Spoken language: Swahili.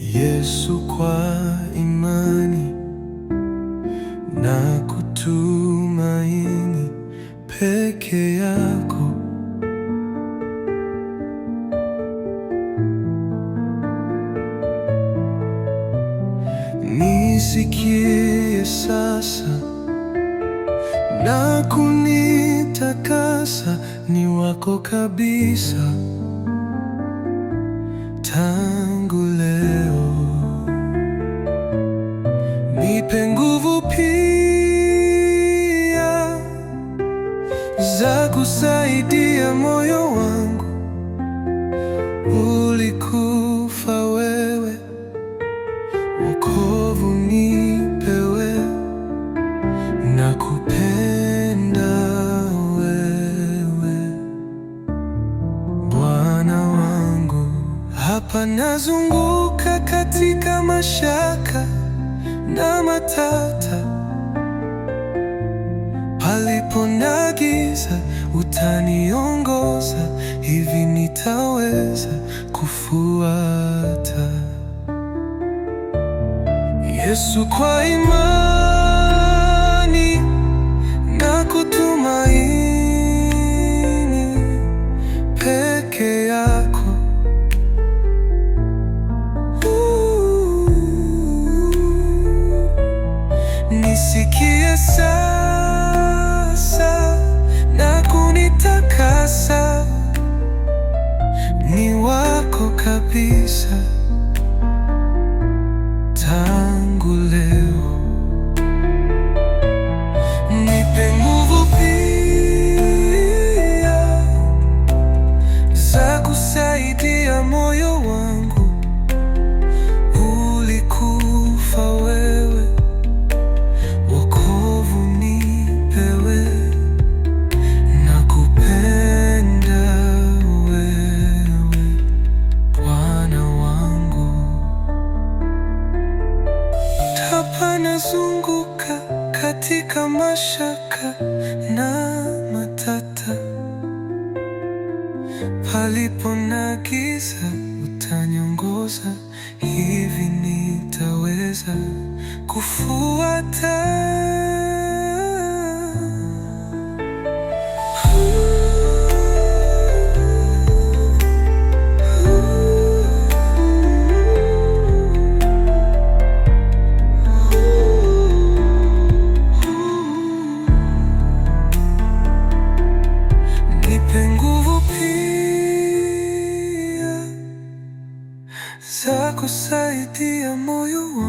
Yesu kwa imani na kutumaini peke yako, nisikie sasa na kunitakasa, ni wako kabisa tangu nipe nguvu pia za kusaidia moyo wangu ulikufa wewe, wokovu wewe na kupenda wewe, Bwana wangu. Hapa nazunguka katika mashaka na matata, palipo na giza utaniongoza, hivi nitaweza kufuata. Yesu, kwa imani na kutumaini kunisikia sasa na kunitakasa, ni wako kabisa. Tunazunguka katika mashaka na matata, palipo na giza utaniongoza. Hivi nitaweza kufuata Ako sa itiya mo yung